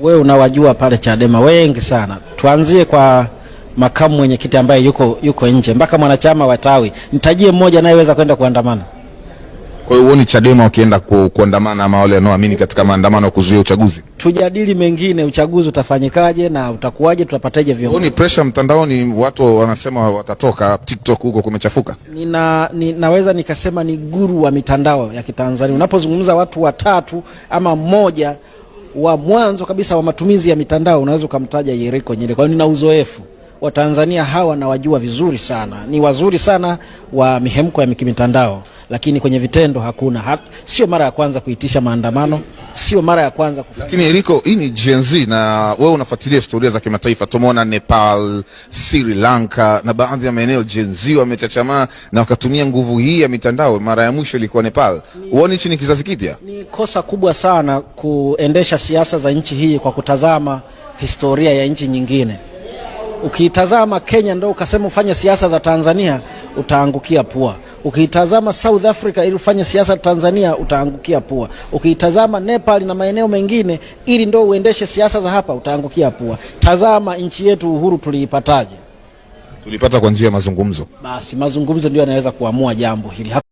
We unawajua pale Chadema wengi sana. Tuanzie kwa makamu mwenyekiti ambaye yuko, yuko nje mpaka mwanachama wa tawi, nitajie mmoja anayeweza kwenda kuandamana. Kwa hiyo huoni Chadema wakienda ku, kuandamana ama wale wanaoamini katika maandamano ya kuzuia uchaguzi? Tujadili mengine, uchaguzi utafanyikaje na utakuwaje, tutapataje viongozi? Huoni pressure mtandaoni, watu wanasema watatoka TikTok, huko kumechafuka? Nina, naweza nikasema ni guru wa mitandao ya Kitanzania. Unapozungumza watu watatu ama mmoja wa mwanzo kabisa wa matumizi ya mitandao unaweza ukamtaja Yeriko Nyerere, kwa nina uzoefu Watanzania hawa na wajua vizuri sana, ni wazuri sana wa mihemko ya kimitandao, lakini kwenye vitendo hakuna. Sio mara ya kwanza kuitisha maandamano sio mara ya kwanza kufanya. Lakini Eriko, hii ni Gen Z na wewe unafuatilia historia za kimataifa. Tumeona Nepal, Sri Lanka na baadhi ya maeneo Gen Z wamechachamaa na wakatumia nguvu hii ya mitandao. Mara ya mwisho ilikuwa Nepal. Uone hichi ni kizazi kipya. Ni kosa kubwa sana kuendesha siasa za nchi hii kwa kutazama historia ya nchi nyingine. Ukiitazama Kenya ndio ukasema ufanye siasa za Tanzania, utaangukia pua. Ukiitazama South Africa ili ufanye siasa Tanzania utaangukia pua. Ukiitazama Nepal na maeneo mengine ili ndo uendeshe siasa za hapa utaangukia pua. Tazama nchi yetu uhuru tuliipataje? Tulipata kwa njia ya mazungumzo. Basi mazungumzo ndio yanaweza kuamua jambo hili.